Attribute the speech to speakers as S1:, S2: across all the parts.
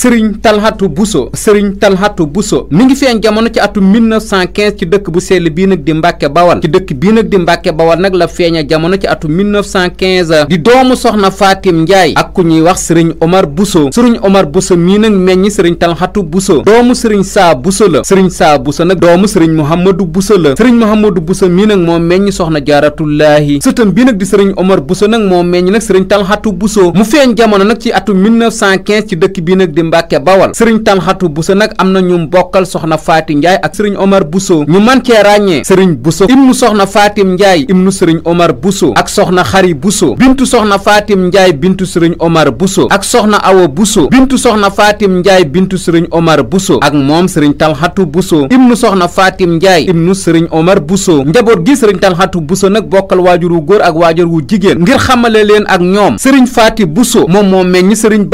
S1: sëriñ talxatu buso sëriñ talxatu buso mi ngi feeñ jamono ci atum 1915 ci dëkk bu sell bii nag di mbàkke bawal ci dëkk bii nag di mbàkke bawal nag la feeña jamono ci atum 1915 di doomu soxna faatim njaay ak ku ñuy wax sëriñ omar buso sëriñ omar buso mii nag meññi sëriñ talxatu buso doomu sëriñ saa buso la sëriñ saa buso nag doomu sëriñ mouhamadou buso la sëriñ mouhamadou buso mii nag moo meññi soxna jaaratullaahi sëtam bii nag di sëriñ omar buso nag moo meññi nag sëriñ talxatu buso mu feeñ jamono nag ci atum 1915 ci dëkk bi nag di Mbàkke Bawal sëriñ Talxatu Buso nag am na ñu bokkal soxna Faati Njaay ak sëriñ Omar Buso ñu mën cee ràññee sëriñ Buso ibnu soxna Faatim Njaay ibnu sëriñ Omar Buso ak soxna Xari Buso bintu soxna Faatim Njaay bintu sëriñ Omar Buso ak soxna Awa Buso bintu soxna Faatim Njaay bintu sëriñ Omar Buso ak moom sëriñ Talxatu Buso ibnu soxna Faatim Njaay ibnu sëriñ Omar Buso njaboot gi sëriñ Talxatu Buso nag bokkal waajur wu góor ak waajur wu jigéen ngir xamale leen ak ñoom sëriñ Faati Buso moom moo meññ sëriñ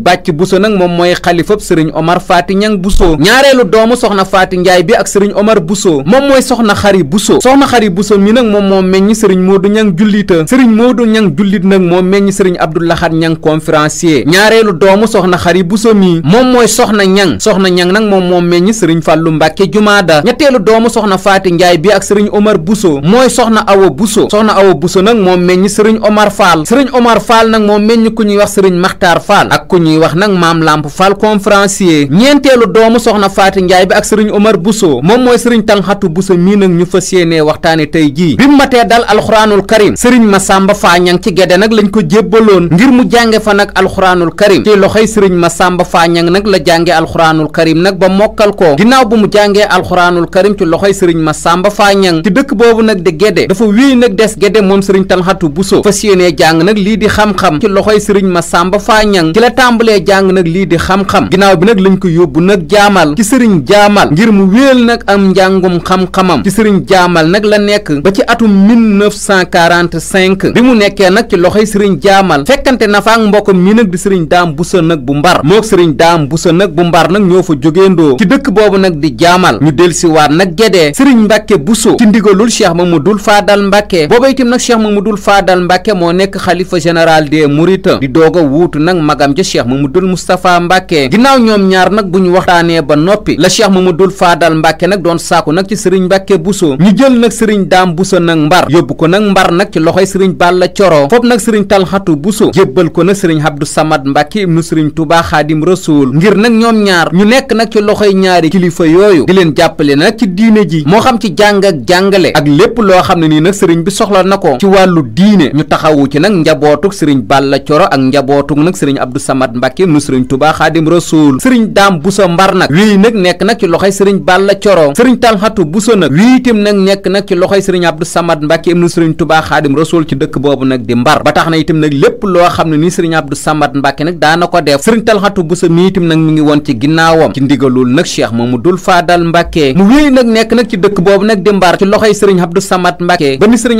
S1: Bàcci Bousso nag moom mooy xalifab sëriñ Omar Faty Niang Bousso ñaareelu doomu soxna Faty Ndiaye bi ak sëriñ Omar Bousso moom mooy soxna Xari Bousso soxna Xari Bousso mi nag moom moo meññ sëriñ Modou Niang jullita sëriñ Modou Niang jullit nag moo meññ sëriñ Abdou Lahad Niang conférencier ñaareelu doomu soxna Xari Bousso mi moom mooy soxna Niang soxna Niang nag moo meññ sëriñ Fàllu Mbàkke Jumaada ñetteelu doomu soxna Faty Ndiaye bi ak sëriñ Omar Bousso mooy soxna Awa Bousso soxna Awa Bousso nag moom meññ sëriñ Omar Fall sëriñ Omar Fall nag moom meññ ku ñuy wax sëriñ Maxtaar Fall ak ku ñuy wax nag ak maam lamp fal conférencier ñeenteelu doomu soxna faati njaay bi ak sëriñ omar buso moom mooy sëriñ tanxatu buso mii nag ñu fas yéenee waxtaane tey jii bi mu matee dal alxuraanul karim sëriñ masàmba faañang ci gedde nag lañ ko jébbaloon ngir mu jànge fa nag alxuraanul karim ci loxoy sëriñ masàmba faañang nag la jànge alxuraanul karim nag ba mokkal ko ginnaaw bu mu jàngee alxuraanul karim ci loxoy sëriñ masàmba faañang ci dëkk boobu nag di gedde dafa wéy nag des gedde moom sëriñ tanxatu buso fas yéenee jàng nag lii di xam-xam ci loxoy sëriñ masàmba faañang ci la tàmbalee jàng jàng nag lii di xam-xam ginnaaw bi nag lañ ko yóbbu nag jaamal ci sëriñ jaamal ngir mu wéel nag am njàngum xam-xamam ci sëriñ jaamal nag la nekk ba ci atum 1945 bi mu nekkee nag ci loxo loxoy sëriñ jaamal fekkante na fa mbokkam mi nag di sëriñ daam bu busa nag bu mbar mook sëriñ daam bu busa nag bu mbar nag ñoo fa jógeendoo ci dëkk boobu nag di jaamal ñu delsiwaat nag gedee sëriñ mbàkke buso ci ndigalul cheikh mamadul faadal mbàkke booba itam nag cheikh mamadul faadal mbàkke moo nekk xalifa général des mourides di doog a wuutu nag magam ja cheikh mamadul Moustapha Mbacke ginnaaw ñoom ñaar nag bu ñu waxtaanee ba noppi la ma Cheikh Mamadou Fadal Mbacke nag doon saaku nag ci sëriñ Mbacke Bousso ñu jël nag sëriñ Daam Bousso nag mbar yóbbu ko nag mbar nag ci loxo sëriñ Balla Coro foofu nag sëriñ Talxatu Bousso jébbal ko nag sëriñ Abdou Samad Mbacke ibnu sëriñ Touba Xaadim Rasul ngir nag ñoom ñaar ñu nekk nag ci loxoy ñaari kilifa yooyu di leen jàppale nag ci diine ji moo xam ci jàng ak jàngale ak lépp loo xam ne nii nag sëriñ bi soxla na ko ci wàllu diine ñu taxawu ci nag njabootuk sëriñ Balla Coro ak njabootug nag yoonu sëriñ tubaa xaadim rasuul sëriñ daam buso mbar nag wii nag nekk nag ci loxoy sëriñ balla coro sëriñ bi sëriñ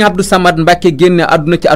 S1: abdu samad mbàkke génne àdduna ci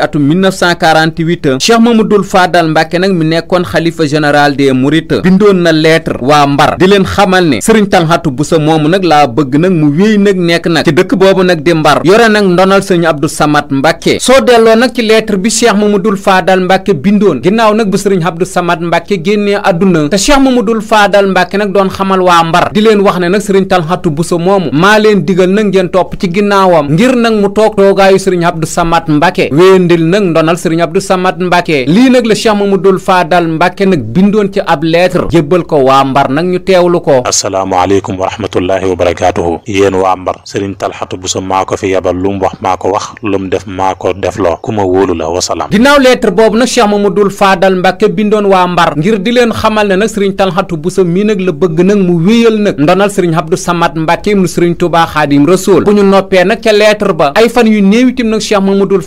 S1: atum 1948 Cheikh Mamadou Fadal Mbacke nag mi nekkoon xalifa général des Mourides bindoon na lettre waa Mbar di leen xamal ne Serigne Talxatu Bousso moomu nag laa bëgg nag mu wéy nag nekk nag ci dëkk boobu nag di Mbar yore nag ndonal Serigne Abdou Samad Mbacke soo delloo nag ci lettre bi ma Cheikh Mamadou Fadal Mbacke bindoon ginnaaw nag bu Serigne Abdou Samad Mbacke génnee àdduna te Cheikh Mamadou Fadal Mbacke nag doon xamal waa Mbar di leen wax ne nag Serigne Talxatu Bousso moomu maa leen digal nag ngeen topp ci ginnaawam ngir nag ndonal sëriñ Abdou Samad Mbacke lii nag la Cheikh Mamadou Fadal Mbacke nag bindoon ci ab lettre jébbal ko waa Mbar nag ñu teewlu ko
S2: asalaamaaleykum wa rahmatullahi wa barakaatuhu
S1: yéen waa Mbar sëriñ
S2: Talxatu Buso maa ko fi yabal lu mu wax maa ko wax lu mu def maa ko def loo ku ma wóolu la wasalaam ginnaaw lettre
S1: boobu nag Cheikh Mamadou Fadal Mbacke bindoon waa Mbar ngir di leen xamal ne nag sëriñ Talxatu Buso mii nag la bëgg nag mu wéyal nag ndonal sëriñ Abdou Samad Mbacke ba ay fan yu néew itam nag Cheikh Mamadou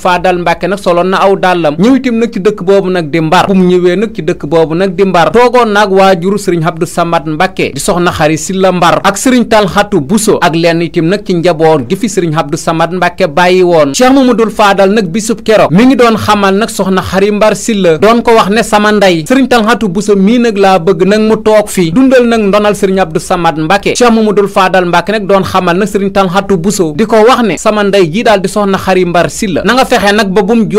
S1: soloon na aw dàllam ñëw itam nag ci dëkk boobu nag di mbar bu ñëwee nag ci dëkk boobu nag di mbar toogoon nag waajuru sëriñ Abdou Samad Mbacke di soxna xari Silla mbar ak sëriñ Talxatu Buso ak lenn itam nag ci njaboot gi fi sëriñ Abdou Samad Mbacke bàyyi woon Cheikh Mamadou Fadal nag bisub keroog mi ngi doon xamal nag soxna xari mbar Silla doon ko wax ne sama ndey sëriñ Talxatu Buso mii nag laa bëgg nag mu toog fii dundal nag ndonal sëriñ Abdou Samad Mbacke Cheikh Mamadou Fadal Mbacke nag doon xamal nag sëriñ Talxatu Buso di ko di soxna xari mbar Silla na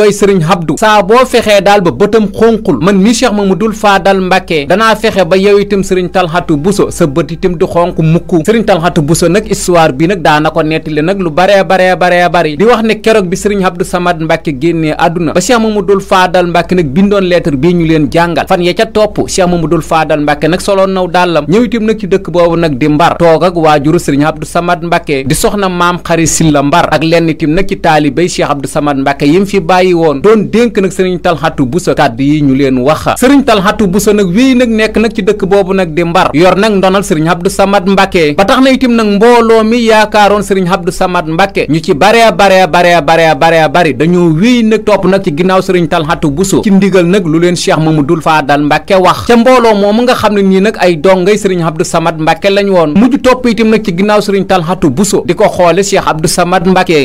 S1: mooy sëriñ Abdou saa boo fexee daal ba bëtam xonqul man mi Cheikh Mamadou Fadal Mbacke danaa fexe ba yow itam sëriñ Talxatu Buso sa bët itam du xonq mukk sëriñ Talxatu Buso nag histoire bi nag daana ko nettali nag lu bare baree baree bari di wax ne keroog bi sëriñ Abdou Samad Mbacke génnee àdduna ba Cheikh Mamadou Fadal Mbacke nag bindoon lettre bii ñu leen jàngal fan ya ca topp mu dul Fadal Mbacke nag soloon naw dàllam ñëw itam nag ci dëkk boobu nag di mbar ak waajuru sëriñ Abdou Samad di soxna maam xari silla mbar ak lenn itam nag ci woon doon dénk nag sëriñ talxatu busa kàddu yi ñu leen wax sëriñ talxatu busa nag wéy nag nekk nag ci dëkk boobu nag di mbar yor nag ndonal sëriñ Abdou Samad Mbacke ba tax na itam nag mbooloo mi yaakaaroon sëriñ Abdou Samad Mbacke ñu ci bare bare bare bare bare bare dañoo wéy nag topp nag ci ginnaaw sëriñ talxatu busa ci ndigal nag lu leen Cheikh Mamadou Fadal Mbacke wax ca mbooloo moomu nga xam ne nii nag ay dongay sëriñ Abdou Samad Mbacke lañ woon mujj topp itam nag ci ginnaaw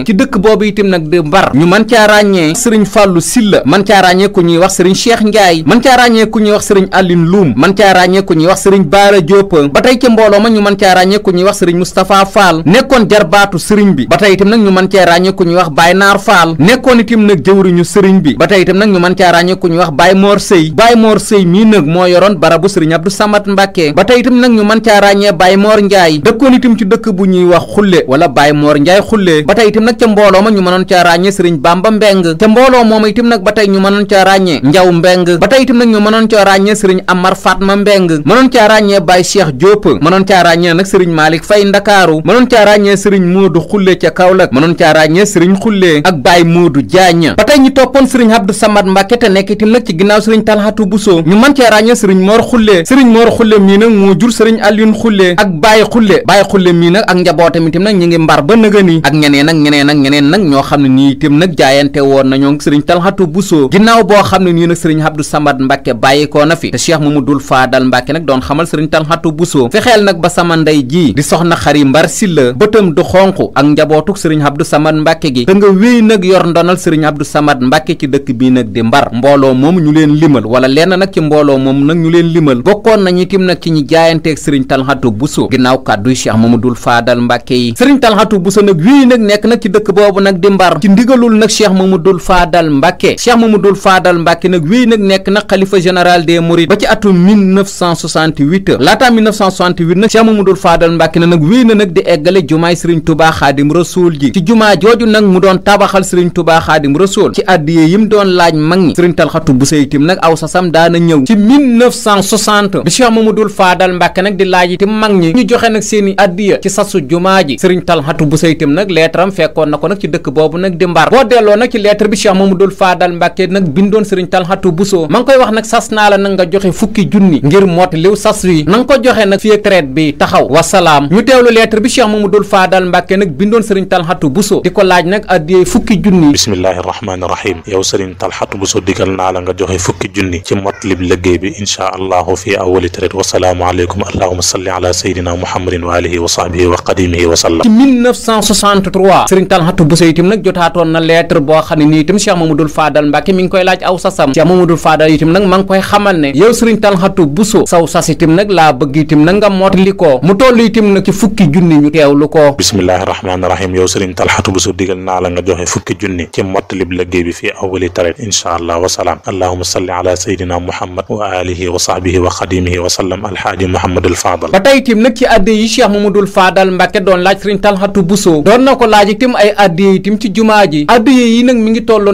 S1: ci dëkk boobu itam nag di mbar ñu man caa ràññee sëriñ fàllu silla man caa ràññee ñuy wax sëriñ cheikh ndiaye man caa ràññee ku ñuy wax sëriñ àllin luum man caa ràññee ku wax sëriñ baara diop ba tey ci mbooloo ma ñu man caa ràññee ñuy wax sëriñ moustapha fall nekkoon jarbaatu sëriñ bi ba tey itam nag ñu man caa ràññee ku ñuy wax baay naar fall nekkoon itam nag jëwriñu sëriñ bi ba tey itam nag ñu man caa ràññee ñuy wax baay moor sëy baay moor sëy mii nag moo yoroon barabu sëriñ abdu samat mbàkke ba tey itam nag ñu man caa ràññee baay moor njaay dëkkoon itam ci dëkk bu ñuy wax xulle wala baay moor njaay xulle ba tey itam nag ca mbooloo ma ñu mënoon caa ràññee sëriñ bamba mbeng ca mbooloo mbooloo moom itam nag ba tey ñu mënoon caa ràññee njaw mbeng ba tey itam nag ñu mënoon caa ràññee sëriñ amar fatma mbeng mënoon caa ràññee baay cheikh diop mënoon caa ràññee nag sëriñ maalik fay ndakaaru mënoon caa ràññee sëriñ moodu xulle ca kaolack mënoon caa ràññee sëriñ xulle ak baay moodu jaañ ba tey ñu toppoon sëriñ abdu samad mbàkke te nekk itam nag ci ginnaaw sëriñ talxatu buso ñu mën caa ràññee sëriñ moor xulle sëriñ moor xulle mii nag moo jur sëriñ aliyun xulle ak baay xulle baay xulle mii nag ak njabootam itam nag ñu ngi mbar ba nëgëni ak ñeneen ak ñeneen ak ñeneen nag ñoo xam ne nii itam nag jaayante woon nañu donc sëriñ talxatu busoo ginnaaw boo xam ne nii nag sëriñ Abdou Samad Mbàkke bàyyi koo na fi te cheikh mamadul faadal mbàkke nag doon xamal sëriñ talxatu busoo fexeel nag ba sama ndey jii di soxna xari mbar silla bëtam du xonq ak njabootuk sëriñ Abdou Samad Mbàkke gi te nga wéy nag yor ndonal sëriñ Abdou Samad Mbàkke ci dëkk bii nag di mbar mbooloo moom ñu leen limal wala lenn nag ci mbooloo moom nag ñu leen limal bokkoon nañu tim nag ci ñu jaayanteeg sëriñ talxatu busoo ginnaaw kàdduy cheikh mamadul faadal mbàkke yi sëriñ talxatu busoo nag wéy nag nekk Faadal Mbàkke Cheikh Mamadul Faadal Mbàkke nag wéy nag nekk nag xalifa général des Mourides ba ci atum 1968 laataa 1968 nag Cheikh Mamadul Faadal Mbàkke na nag wéy nag di eggale jumaay Sëriñ Tubaa Xaadim Rasuul ji ci jumaa jooju nag mu doon tabaxal Sëriñ Tubaa Xaadim Rasuul ci àddiyee yim doon laaj mag ñi Sëriñ Talxatu bu sayitim nag aw sasam daana ñëw ci 1960 bi Cheikh Mamadul Faadal Mbàkke nag di laaj itam mag ñi ñu joxe nag seeni addiya ci sasu jumaa ji Sëriñ Talxatu bu sayitim nag Cheikh Mamadou Fadal Mbàkke nag bindoon ma ngi koy wax nag sas naa la nag nga joxe fukki junni ngir moot liw sas wi na nga ko joxe nag fii traite bi taxaw wasalaam ñu teewlu lettre bi Cheikh Mamadou Fadal Mbàkke nag bindoon sëriñ Talxatu Buso di ko laaj nag addiyee fukki junni bismillahi rahmaani rahim yow sëriñ Talxatu la
S2: nga joxe fukki junni ci mot lib liggéey bi inchaa allahu fii awali traite wasalaamu aleykum allahuma salli ala sayidina muhammadin wa alihi wa sahbihi wa qadimihi wa sallam ci
S1: 1963 sëriñ Talxatu Buso itam nag jotaatoon na Cheikh Mamadou Fadal Mbacke mi ngi koy laaj aw sasam Cheikh Mamadou Fadal itam nag ma ngi koy xamal ne yow sëriñ Talxatu Buso saw sas itam nag laa bëgg itam nag nga mottali ko mu toll itam nag ci fukki junni ñu teewlu
S2: ko bismillahi rahmaani la nga joxe fukki junni ci mottalib liggéey bi fii awali taret incha allah wasalaam allahuma salli ala sayidina muhammad wa alihi wa sahbihi wa xadimihi wa sallam alhaaji muhammadul fadal ba
S1: tey itam nag ci adde yi Cheikh Mamadou Fadal Mbacke doon laaj sëriñ Talxatu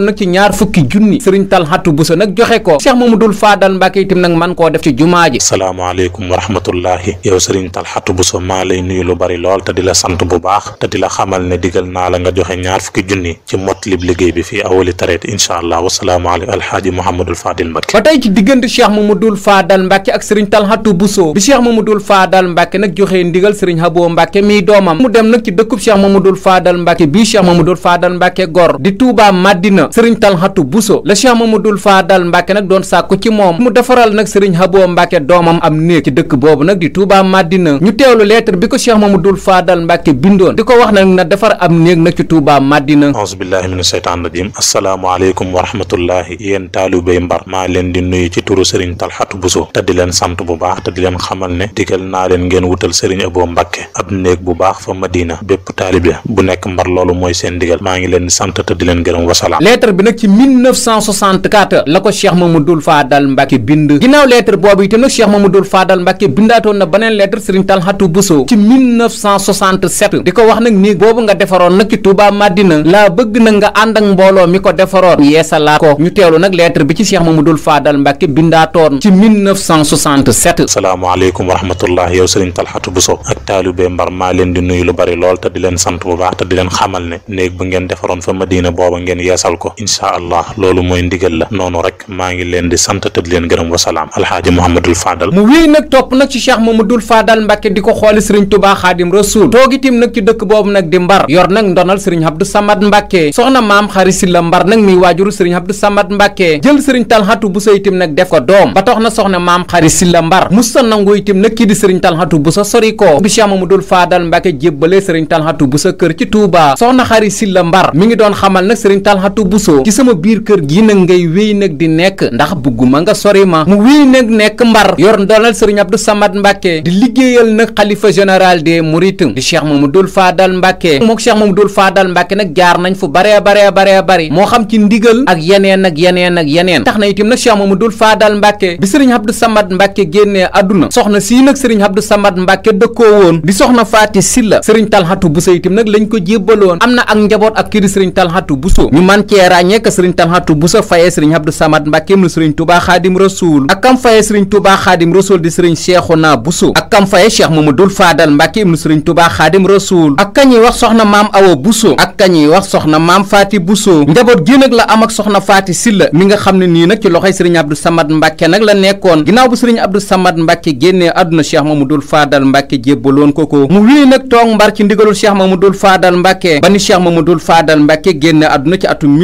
S1: toll nag ci ñaar fukki junni sëriñ Talxatu Buso nag joxe ko Cheikh Mamadul Faadal Mbàkke itam nag man koo def ci jumaa ji salaamaaleykum
S2: wa rahmatullahi yow sëriñ Talxatu Buso maa lay nuyu lu bari lool te di la sant bu baax te di la xamal ne digal naa la nga joxe ñaar fukki junni ci mot lib liggéey bi fii awali tareet incha allah wasalaamualeykum alxaaji Mouhamadul Faadil Mbàkke
S1: ba tey ci diggante Cheikh Mamadul Faadal Mbàkke ak sëriñ Talxatu Buso bi Cheikh Mamadul Faadal Mbàkke nag joxe ndigal sëriñ Habo Mbàkke miy doomam mu dem nag ci dëkkub Cheikh Mamadul Faadal Mbàkke bii Cheikh Mamadul Faadal Mbàkke gor di Tuubaa Madina sëriñ talxatu buso la cheikh mamadul faadal mbàkke nag doon sàkku ci moom mu defaral nag sëriñ xaboo mbàkke doomam am néeg dëkk boobu nag di Touba Madina ñu teewlu lettre bi ko cheikh mamadul faadal mbàkke bindoon di ko wax nag na defar am néeg nag ci
S2: Touba Madina aousubillahi mina sheytaan rajim asalaamaaleykum wa rahmatullahi yéen taalibey mbar maa leen di nuyu ci turu sëriñ talxatu buso te di leen sant bu baax te di leen xamal ne digal naa leen ngeen wutal sëriñ aboo mbàkke ab néeg bu baax fa Madina bépp taalibe bu nekk mbar
S1: loolu mooy seen digal maa ngi leen
S2: sant di leen gërëm wasalaam
S1: lettre bi nag ci 1964 la ko Cheikh Mamadou Fadal Mbacke bind ginnaaw lettre boobu itam nag Cheikh Mamadou Fadal Mbacke bindaatoon na beneen lettre Serigne Talhatou Bousso ci 1967 di ko wax nag néeg boobu nga defaroon nag ci Touba Madina laa bëgg nag nga ànd ak mbooloo mi ko defaroon yeesalaat ko ñu teewlu nag lettre bi ci Cheikh Mamadou Fadal Mbacke bindaatoon ci 1967. salaamaaleykum wa
S2: rahmatullah yow Serigne Talhatou Bousso ak taalibe Mbar maa leen di nuyu lu bari lool te di leen sant bu baax te di leen xamal ne néeg bu ngeen defaroon fa booba ngeen yeesal ko ko incha allah loolu mooy ndigal la noonu rek maa ngi leen di sant te di leen gërëm wasalaam alxaaji Mouhamadul Fadal mu wéy
S1: nag topp nag ci Cheikh Mouhamadul Fadal Mbàkke di ko xooli sëriñ Tuubaa Xaadim Rasuul toogitim nag ci dëkk boobu nag di mbar yor nag ndonal sëriñ Abdou Samad Mbàkke soxna maam xari si la mbar nag muy waajuru sëriñ Abdou Samad Mbàkke jël sëriñ Talxatu Buso itim nag def ko doom ba na soxna maam xari si la mbar musta nangu itim nag kii di sëriñ Talxatu Buso sori ko bi Cheikh Mouhamadul Fadal Mbàkke jébbalee sëriñ Talxatu Buso kër ci Tuubaa soxna xari si la mbar mi ngi doon xamal nag sëriñ Bousso ci sama biir kër gi nag ngay wéy nag di nekk ndax bugguma nga sori ma mu wéy nag nekk mbar yor ndolal sëriñ Abdou samat Mbacke di liggéeyal nag xalifa général des Mourides di Cheikh Mamadou Fadal Mbacke mook Cheikh Mamadou Fadal Mbacke nag jaar nañ fu baree baree baree bari moo xam ci ndigal ak yeneen ak yeneen ak yeneen tax na itam nag Cheikh Mamadou Fadal Mbacke bi sëriñ Abdou Samad Mbacke génnee àdduna soxna sii nag sëriñ Abdou Samad Mbacke dëkkoo woon di soxna Faati Silla sëriñ Talxatu Bousso itam nag lañ ko jébbaloon am na ak njaboot ak kii sëriñ Talxatu Bousso ñu man cee ràññee ka sëriñ Tamxatu Buso fayee sëriñ Abdou Samad Mbàkke mu sëriñ Touba Xaadim Rasuul ak kam fayee sëriñ Touba Xaadim Rasuul di sëriñ Cheikhouna Buso ak kam fayee Cheikh Mamadul Faadal Mbàkke mu sëriñ Touba Xaadim Rasuul ak kañuy wax soxna maam Awa Buso ak kañuy wax soxna maam Faati Buso njaboot gi nag la am ak soxna Faati Silla mi nga xam ne nii nag ci loxoy sëriñ Abdou Samad Mbàkke nag la nekkoon ginnaaw bu sëriñ Abdou Samad Mbàkke génnee àdduna Cheikh Mamadul Faadal Mbàkke jébbaloon ko ko mu wii nag toog mbar ci ndigalul Cheikh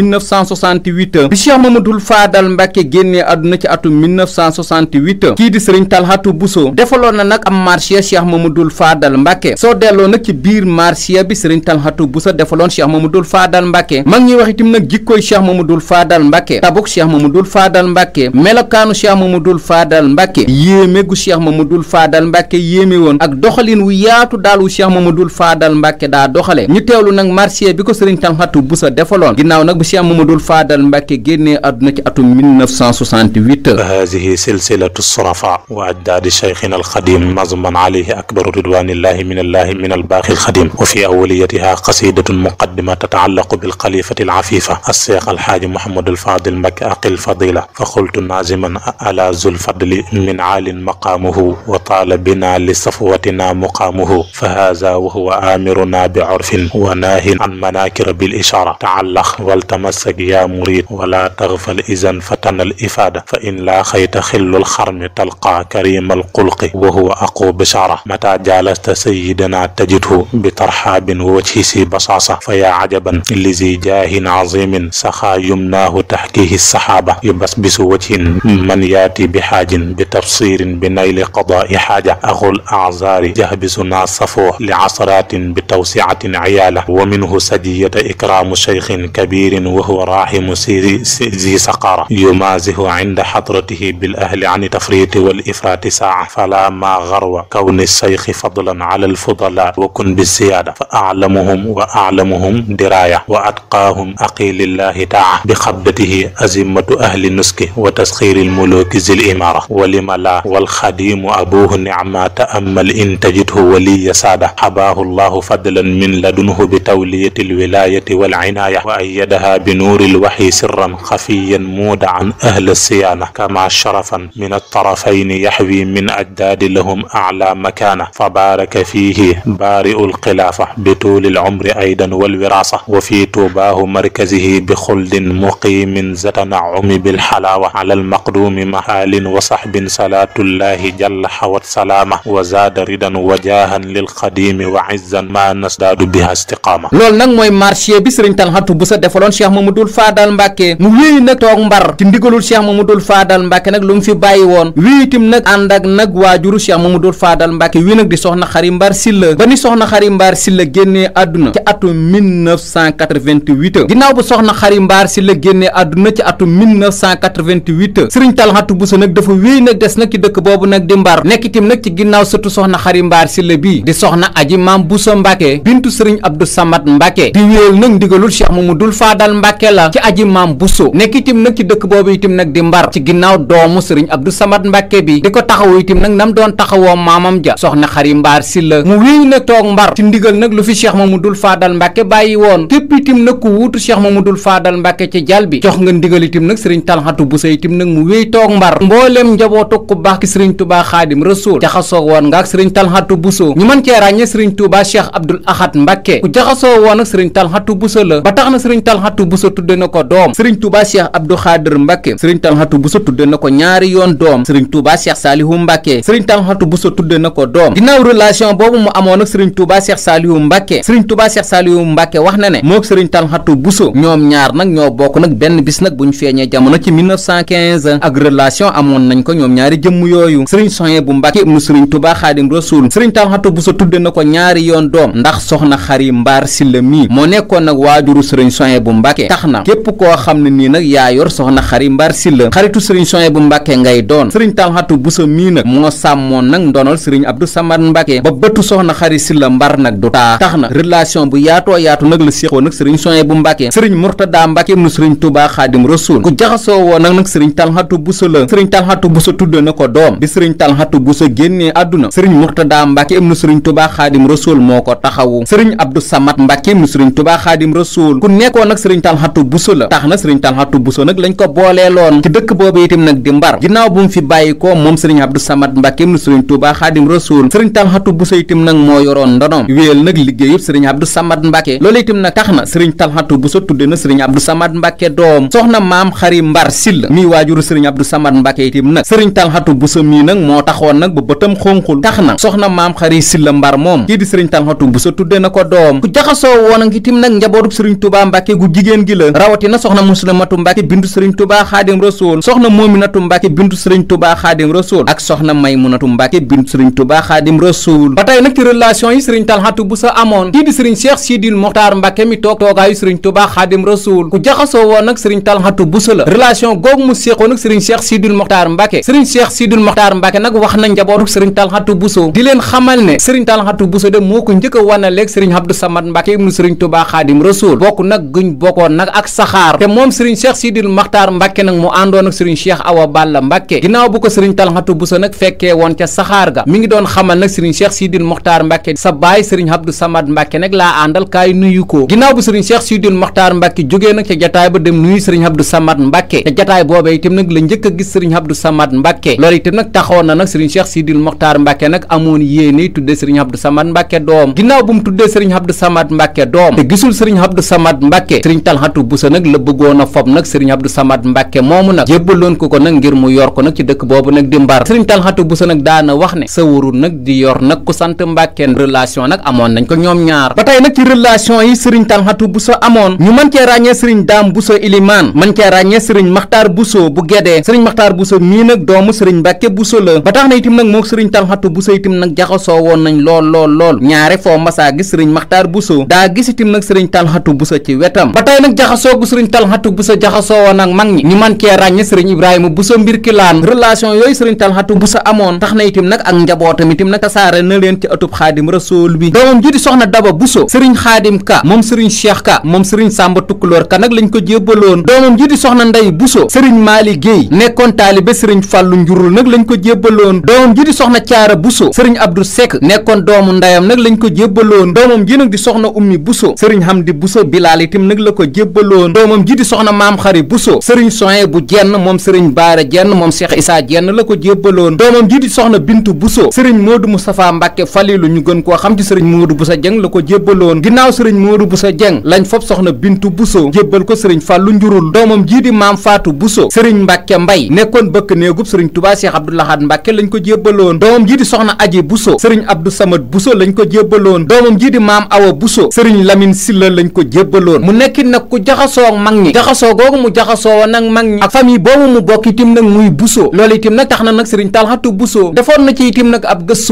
S1: 1968 bi Cheikh Mamadou Fadal Mbacke génnee àdduna ci atum 1968 kii di sëriñ Talxatu Bousso defaloon na nag am marché Cheikh Mamadou Fadal Mbacke soo delloo nag ci biir marché bi sëriñ Talxatu Bousso defaloon Cheikh Mamadou Fadal Mbacke mag ñuy wax itam nag jikkooy Cheikh Mamadou Fadal Mbacke tabuk Cheikh Mamadou Fadal Mbacke melokaanu Cheikh Mamadou Fadal Mbacke yéeme gu Cheikh Mamadou Fadal Mbacke yéeme woon ak doxalin wu yaatu daal wu Cheikh dul faadal Mbacke daa doxale ñu teewlu nag marché bi ko sëriñ Talxatu Bousso defaloon ginnaaw nag bu Cheikh Mamadou Fadal Mbacke génnee àdduna ci atum 1968 haadihi silsilatu surafa wa ajdaadi cheikhina alxadim mazman
S2: alayhi akbaru ridwanillahi min allahi min albaaxi alxadim wa fi awaliyatiha qasidatun muqaddima tataallaqu bilxalifati alafifa alcheikh alhaaji Mouhamadou Fadal Mbacke aqil fadila fa qultu naaziman ala zulfadli min aalin maqaamuhu wa taala bina li safwatina muqaamuhu fa haza wa huwa amiruna bi urfin wa naahin an manakira bil ishara taallaq waltama tamassak yaa murid wala taxfal izan fatanal ifaada fa in laa xayta xillul xarmi talqaa karimal xulqi wa huwa aqu bishara mata jaalasta sayidana tajidhu bi tarxaabin wa wajhisi basaasa fa yaa ajaban lizi jaahin azimin saxaa yumnaahu taxkihi saxaaba yubasbisu wajhin man yaati bi xaajin bi tafsirin bi nayli qadaai xaaja axul azaari jahbisuna safoo li asraatin bi tawsiatin ciyaala wa minhu sajiyata ikraamu cheikhin kabirin wa huwa rahimu si zi saqara yumazihu inda xadratihi bil ahli an tafriti wal ifrati saa fala ma garwa kawni sayxi fadlan ala alfudala wa kun biziyada fa alamuhum wa alamuhum diraya wa atqaahum aqilillahi taa bi xabdatihi azimatu ahli nuski wa tasxiri almuluki zil imara walima la walxadimu abuhu nicma taamal in tajidhu waliya saada xabaahu allahu fadlan min ladunhu bi tawliyati alwilayati wal inaya wa ayadaha بنور الوحي سرا خفيا مودعا أهل الصيانة كما شرفا من الطرفين يحوي من أجداد لهم أعلى مكانة فبارك فيه بارئ الخلافة بطول العمر أيضا والوراثة وفي توباه مركزه بخلد مقيم زتنعم بالحلاوة على المقدوم محال وصحب صلاة الله جل حوت سلامة وزاد ردا وجاها للقديم وعزا ما نزداد بها استقامة loolu
S1: nag mooy marché bi Sëriñ Talxatu bu sa defaloon Cheikh Mamadul Faadal Mbàkke mu wéy nag toog mbar ci ndigalul Cheikh Mamadul Faadal Mbàkke nag lu mu fi bàyyi woon wéy nag ànd ak nag waajuru Cheikh Mamadul Faadal Mbàkke wi nag di soxna Xari Mbar Silla ba ni soxna Xari Mbar Silla génnee àdduna ci atum 1988 ginnaaw bu soxna Xari Mbar Silla génnee àdduna ci atum 1988 Sëriñ Talxatu Buso nag dafa wéy nag des nag ci dëkk boobu nag di mbar nekk nag ci ginnaaw sëtu soxna Xari Mbar Silla bi di soxna Aji Maam Buso Mbàkke bintu Sëriñ Abdu Mbàkke la ci aji maam Bousso nekk itam nag ci dëkk boobu itam nag di mbar ci ginnaaw doomu sëriñ Abdou Samad Mbàkke bi di ko taxawu itam nag nam doon taxawoo maamam ja soxna xari mbaar si la mu wéy nag toog mbar ci ndigal nag lu fi ma Cheikh Mamadou Fadal Mbàkke bàyyi woon képp itam nag ku ma mu dul Fadal Mbàkke ci jal bi jox nga ndigal itam nag sëriñ Talxatu Bousso itam nag mu wéy toog mbar mbooleem njabootu ku baax ki sëriñ Touba Xaadim Rasuul jaxasoo woon nga ak sëriñ Talxatu Bousso ñu mën cee ràññee sëriñ Touba Cheikh Abdoul Ahad Mbàkke ku jaxasoo woon ak sëriñ Talxatu Bousso la ba tax na sëriñ Talxatu Bousso tudde na ko doom sëriñ Touba Cheikh Abdou Khadir Mbacke sëriñ Talxatu Bousso tudde na ko ñaari yoon doom sëriñ Touba Cheikh Salihu Mbacke sëriñ Talxatu na ko doom ginnaaw relation boobu mu amoon ak sëriñ Touba Cheikh Salihu Mbacke sëriñ Touba Cheikh Salihu Mbacke wax na ne mook sëriñ Talxatu Bousso ñoom ñaar nag ñoo bokk nag benn bis nag bu ñu feeñee jamono ci 1915 ak relation amoon nañ ko ñoom ñaari jëmm yooyu sëriñ Soye bu Mbacke ibnu sëriñ Touba Khadim Rasoul sëriñ Talxatu Bousso tudde na ko ñaari yoon doom ndax soxna xari mbaar si la mii moo nekkoon nag waajuru sëriñ Soye bu Mbacke Mbàkke tax na képp koo xam ne nii nag yaa yor soxna xari mbar silla xaritu sëriñ Souhaïbou Mbàkke ngay doon sëriñ Talxatu sa mii nag moo sàmmoon nag ndonol sëriñ Abdou Samad Mbàkke ba bëttu soxna xari silla mbar nag du taa bu yaatoo yaatu nag la séqoo nag sëriñ Souhaïbou Mbàkke sëriñ Murtada Mbàkke ibnu sëriñ Touba Xaadim Rasul ku jaxasoo woon nag nag sëriñ Talxatu Buso la sëriñ Talxatu Buso tudde na ko doom bi sëriñ Talxatu Buso génnee àdduna sëriñ Murtada Mbàkke ibnu sëriñ Touba Xaadim Rasul moo ko taxawu sëriñ Abdou Samad Mbàkke ibnu sëriñ Touba Xaadim Rasul ku nekkoon Talxatu Buso la tax na sëriñ Talxatu Buso nag lañ ko booleeloon ci dëkk boobu itam nag di Mbar ginnaaw bu mu fi bàyyi ko moom sëriñ Abdou Samad Mbàkke mu sëriñ Tuubaa Xaadim Rasuul sëriñ Talxatu Buso itam nag moo yoroon ndonom wéyal nag liggéeyub sëriñ Abdou Samad Mbàkke loolu itam nag tax na sëriñ Talxatu Buso tudde na sëriñ Abdou Samad Mbàkke doom soxna maam xari Mbar Sill mii waajuru sëriñ Abdou Samad Mbàkke itam nag sëriñ Talxatu Buso mii na soxna na ko doom ku jaxasoo woon ak itam nag njabootub sëriñ Tuubaa Mbàkke gu jigéen ngëneen gi la rawatina soxna muslimatu mbàkke bintu sëriñ tubaa xaadim rasool soxna moominatu mbàkke bintu sëriñ tubaa xaadim rasool ak soxna maymunatu mbàkke bintu sëriñ tubaa xaadim rasool ba tey nag ci relation yi sëriñ talxatu bu sa amoon kii di sëriñ cheikh sidil moxtaar mbàkke mi toog toogaayu sëriñ tubaa xaadim rasool ku jaxasoo woon nag sëriñ talxatu bu sa la relation googu mu séqoon nag sëriñ cheikh sidil moxtaar mbàkke sëriñ cheikh sidil moxtaar mbàkke nag wax na njabootu sëriñ talxatu bu sa di leen a àndoon nag ak saxaar te moom sëriñ cheikh sidil maxtaar mbàkke nag mu àndoon ak sëriñ cheikh awa balla mbàkke ginnaaw bu ko sëriñ talxatu buso nag fekkee woon ca saxaar moxtaar mbàkke sa baay sëriñ abdou samad mbàkke nag ko ginnaaw bu sëriñ cheikh sidil moxtaar mbàkke jógee nag ca jataay ba dem nuyu sëriñ abdou samad mbàkke ca jataay boobee itam nag la njëkk a gis sëriñ abdou samad mbàkke loolu itam nag taxoon na nag sëriñ cheikh sidil moxtaar mbàkke nag amoon yéene tuddee sëriñ abdou samad mbàkke doom ginnaaw bu mu tuddee sëriñ abdou samad mbàkke doom te gisul talxatu busa nag la bëggoon a fob nag sëriñ Abdou Samad Mbàkke moomu nag jébbaloon ko ko nag ngir mu yor ko nag ci dëkk boobu nag di mbar sëriñ talxatu busa nag daana wax ne sawarul nag di yor nag ku sant Mbàkke relation nag amoon nañ ko ñoom ñaar ba tey nag ci relation yi sëriñ talxatu busa amoon ñu mën cee ràññee sëriñ daam busa ilimaan mën cee ràññee sëriñ maxtaar buso bu gedee sëriñ maxtaar buso mii nag doomu sëriñ Mbàkke buso la ba tax na itam nag moo sëriñ talxatu busa itam nag jaxasoo woon nañ lool lool lool ñaare foo masaa gis sëriñ maxtaar buso daa gis itam nag sëriñ nag jaxasoo gu sëriñ talxatu bu sa jaxasoo woon ak mag ñi ñu man cee ràññe sëriñ ibrahima bu sa mbir ki laan relation yooyu sëriñ talxatu bu sa amoon tax na itam nag ak njabootam itam nag tasaare na leen ci atub xaadim rasool bi doomam ji di soxna daba buso sëriñ xaadim ka moom sëriñ cheikh ka moom sëriñ sàmba tukkuloor ka nag lañ ko jébbaloon doomam ji di soxna nday buso sëriñ maali géey nekkoon taalibe sëriñ fàllu njurul nag lañ ko jébbaloon doomam ji jébbaloon doomam ji di soxna maam xari buso sëriñ soye bu jenn moom sëriñ baara jenn moom seex isaa jenn la ko jébbaloon doomam ji di soxna bintu buso sëriñ moodu mustapha mbàkke falilu ñu gën koo xam ci sëriñ moodu busa jeng la ko jébbaloon ginnaaw sëriñ moodu busa jeng lañ fop soxna bintu buso jébbal ko sëriñ fàllu njurul doomam jii di maam faatu buso sëriñ mbàkke mbay nekkoon bëkk néegub sëriñ tubaa cheikh abdoulahad mbàkke lañ ko jébbaloon doomam jii di soxna aji buso sëriñ abdou samad buso lañ ko jébbaloon doomam jii di maam awa buso sëriñ lamin silla lañ ko jébbaloon nag ku jaxasoo ak mag ñi jaxasoo googu mu jaxasoo woon nag mag ñi ak famille boobu mu bokk itim nag muy busoo loolu itim nag tax na nag sëriñ talxatu na ci itim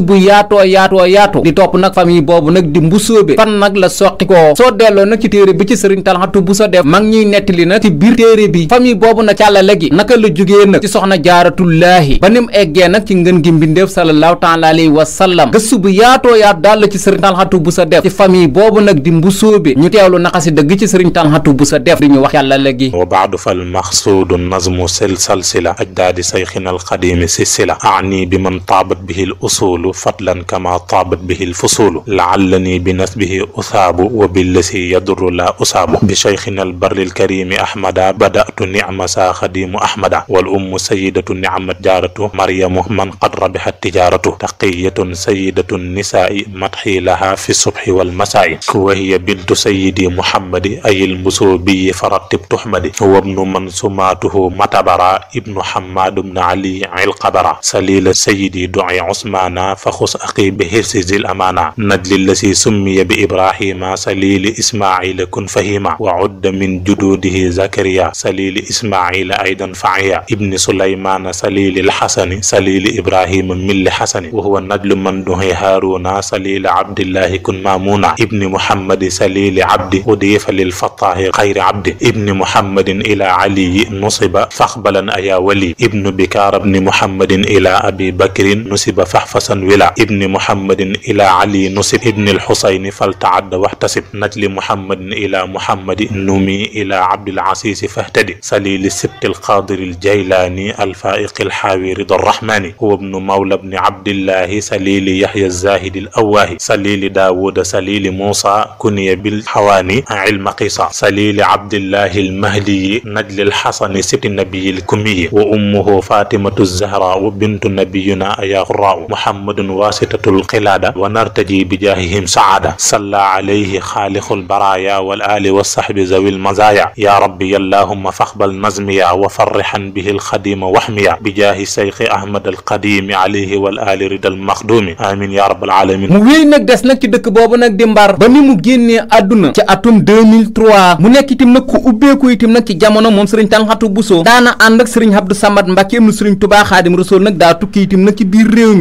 S1: bu yaatoo yaatoo yaatu di topp nag famille boobu nag di mbusoobe fan nag la soqi koo soo delloo nag ci bi ci sëriñ talxatu buso def mag ñuy nettali nag ci biir téere bi famille boobu na càllale gi naka la jógee nag ci soxna jaaratullaahi ba nim eggee nag ci ngën gi mbindeef sallallahu taala alayhi wa sallam gëstu bu yaatoo yaatu daal la ci sëriñ talxatu buso def ci famille boobu nag di mbusoobe ñu teewlu naqasi dëgg ci sëriñ talxatu Matou Bousso def di ñu wax yàlla léegi wa baadu fal
S2: maxsuudu nazmu silsal sila ajdaadi sayxina alqadimi si sila aani bi man taabat bihi l usulu fadlan kama taabat bihi l fusulu laallani bi nasbihi usaabu wa billasi yadurru la usaabu bi sayxina albarri alkarimi ahmada badatu nicmasa xadimu ahmada wal ummu sayidatu nicmat jaaratu maryamu man qad rabihat tijaaratu taqiyatun sayidatu nisaai matxi laha fi subxi walmasaai wa hiya bintu sayidi muhammadi ayil busoo bi faratib tuhmadi wabnu man sumaatuhu matabara ibnu hammad ibnu ali ilqabara salila sayidi doi usmana fa xus aqi bi hifsi zil amana najli lasi summiya bi ibrahima salili ismaila kun fahima wa udda min jududihi zakariya salili ismaila aidan faiya ibni sulaymana salili alxasani salili ibrahima milli xasani wa huwa najlu man duhi haruna salili abdillahi kun mamuna ibni muhammadi salili abdi udifa lil fatta abdillahi xayri abdi ibni muhammadin ila aliyi nusiba faxbalan ayaa wali ibnu bikaar ibni muhammadin ila abi bakrin nusiba faxfasan wila ibni muhammadin ila ali nusib ibni alxusayni faltaadda waxtasib najli muhammadin ila muhammadi numi ila abdil asisi fahtadi salili sibti alqadiri aljaylaani alfaiqi alxaawi rida arrahmani huwa ibnu mawla ibni abdillahi salili yahya alzahidi alawaahi salili daawuda salili muusa kuniya bilxawaani ilma qisa خليل عبد الله المهدي نجل الحسن ست النبي الكمي وأمه فاطمة الزهراء بنت نبينا يا غراء محمد واسطة القلادة ونرتجي بجاههم سعادة صلى عليه خالق البرايا والآل والصحب ذوي المزايا يا ربي اللهم فاقبل نزميا وفرحا به الخديم وحميا بجاه شيخ أحمد القديم عليه والآل رضا المخدوم آمين يا رب
S1: العالمين mu wéy nag des nag ci dëkk boobu nag di mbar ba ni mu génnee àdduna ci atum 2003 Touba mu nekk itam nag ku ubbeeku itam nag ci jamono moom sëriñ Tanxatu Buso daana ànd ak sëriñ Abdou Samad Mbàkke am na sëriñ Touba Xaadim Rasuul nag daa tukki itam mi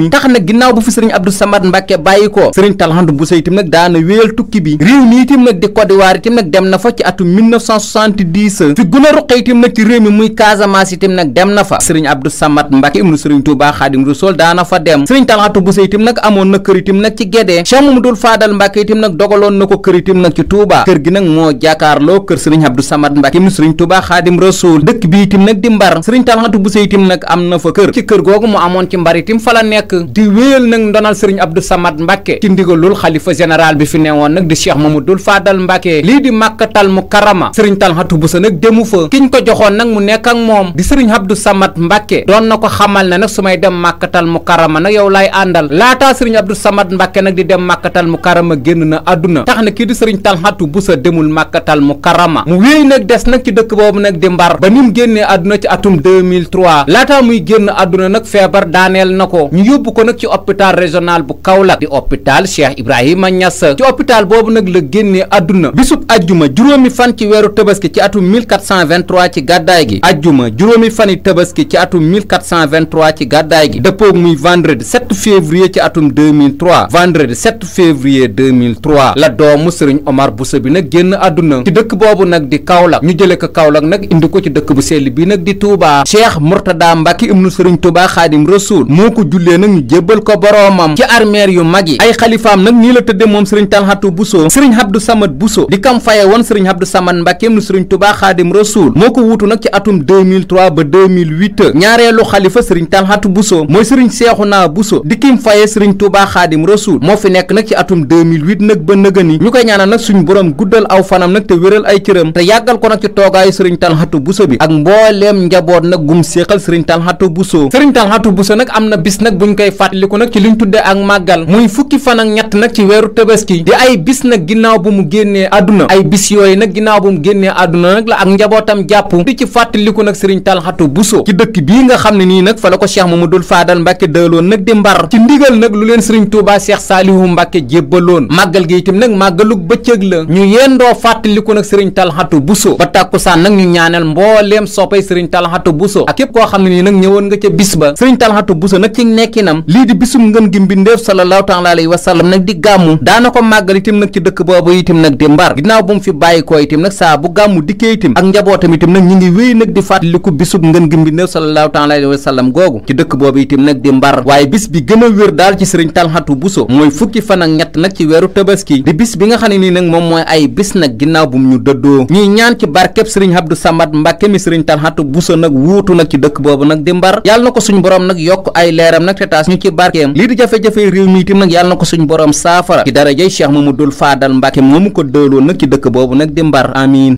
S1: tax nag ginnaaw bu nag daana dem na fa ci atum 1970 a ruqe itam nag ci réew mi muy Casamance itam nag dem na fa bu Abdou Samad Mbàkke na sëriñ Touba Xaadim Rasuul daana fa dem sëriñ Tanxatu Buso nag amoon na kër itam nag ci Gédé Cheikh Mamadou Fadal Mbàkke itam nag dogaloon na ko kër itam nag ci Touba kër gi nag moo jàkkaar Marlo kër sëriñ Abdou Samad Mbacke im sëriñ Touba Xaadim Rasul dëkk bi itim nag di mbar sëriñ Talxatu Bousso itim nag am na fa kër ci kër googu mu amoon ci mbar itim fa la nekk di wéyal nag ndonal sëriñ Abdou Samad Mbacke ci ndigalul xalifa général bi fi newoon nag di Cheikh Mamadou Fadal Mbacke lii di Makkatal Mukarrama sëriñ Talxatu Bousso nag demu fa kiñ ko joxoon nag mu nekk ak moom di sëriñ Abdou Samad Mbacke doon na ko xamal na nag su may dem Makkatal Mukarrama nag yow laay àndal laataa sëriñ Abdou Samad Mbacke nag di dem Makkatal Mukarrama génn na àdduna tax na kii di sëriñ Talxatu Bousso demul Makkatal mukarrama mu wéy nag des nag ci dëkk boobu nag di mbar ba ni génnee àdduna ci atum 2003 laataa muy génn àdduna nag feebar daaneel na ko ñu yóbbu ko nag ci hôpital régional bu Kaolack di hôpital Cheikh Ibrahima Niass ci hôpital boobu nag la génnee àdduna bisub ajjuma juróomi fan ci weeru tabaski ci atum 1423 ci gàddaay gi ajjuma juróomi fani tabaski ci atum 1423 ci gàddaay gi dëppoog muy vendredi 7 février ci atum 2003 vendredi 7 février 2003 la doomu Serigne Omar Bousso bi nag génn àdduna dëkk boobu nag di Kaolack ñu jëlee ko Kaolack nag indi ko ci dëkk bu sell bii nag di Touba Cheikh Mourtada Mbacke ibnu Serigne Touba Xaadim Rasul moo ko jullee nag ñu jébbal ko boroomam ci armeer yu mag yi ay xalifaam nag nii la tëddee moom Serigne Talhatou Bousso Serigne Abdou Samad Bousso di kam faye woon Serigne Abdou Samad Mbacke ibnu Serigne Touba Xaadim Rasul moo ko wuutu nag ci atum 2003 ba 2008 ñaareelu xalifa Serigne Talhatou Bousso mooy Serigne Cheikhouna Bousso di kim faye Serigne Touba Xaadim Rasul moo fi nekk nag ci atum 2008 nag ba nëgëni ñu koy ñaanal nag suñu borom guddal aw fanam nag wéral ay cëram te yàggal ko nag ci toogaayu sëriñ Talxatu Buso bi ak mbooleem njaboot nag gum séexal sëriñ Talxatu Buso sëriñ Talxatu Buso nag am na bis nag buñ koy fàttaliku nag ci ñu tuddee ak màggal muy fukki fan ak ñett nag ci weeru tabaski di ay bis nag ginnaaw bu mu génnee àdduna ay bis yooyu nag ginnaaw bu mu génnee àdduna nag la ak njabootam jàpp di ci fàttaliku nag sëriñ Talxatu Buso ci dëkk bii nga xam ne nii nag fa la ko Cheikh Mamadul Faadal Mbàkke dëloon nag di mbar ci ndigal lu leen sëriñ Tuubaa Cheikh Saalihu Mbàkke jébbaloon màggal gi itam nag màggalug bëccëg la ñu yendoo fàttaliku nag sëriñ Talxatu Buso ba tàkkusaan nag ñu ñaanal mbooleem soppay sëriñ Talxatu Buso ak képp koo xam ne nii nag ñëwoon nga ca bis ba sëriñ Talxatu Buso nag ci nekkinam lii di bisum ngën gi mbindeef sallallahu wa sallam nag di gàmmu daana ko màggal itam nag ci dëkk boobu itam nag di mbar ginnaaw bu mu fi bàyyi ko itam nag saa bu gàmmu dikkee itam ak njabootam nag ñi ngi wéy nag di fàttaliku bisub ngën gi mbindeef sallallahu taala alayhi wa sallam googu ci dëkk boobu itam nag di mbar waaye a wér daal ci ak ñett nag ci weeru tabaski di bis bi nga xam ne nii nag moom mooy ay bis ñu dëddoo ñuy ñaan ci barkeb sëriñ Abdou Samad Mbàkke mi sëriñ Talxatu Buso nag wuutu nag ci dëkk boobu nag di mbar yàlla na ko suñu borom nag yokk ay leeram nag te taas ñu ci barkeem lii di jafe-jafe réew mi itam nag yàlla na ko suñu borom saafara ci darajay Cheikh Mamadul Faadal Mbàkke moomu ko dëeloo nag ci dëkk boobu nag di mbar amiin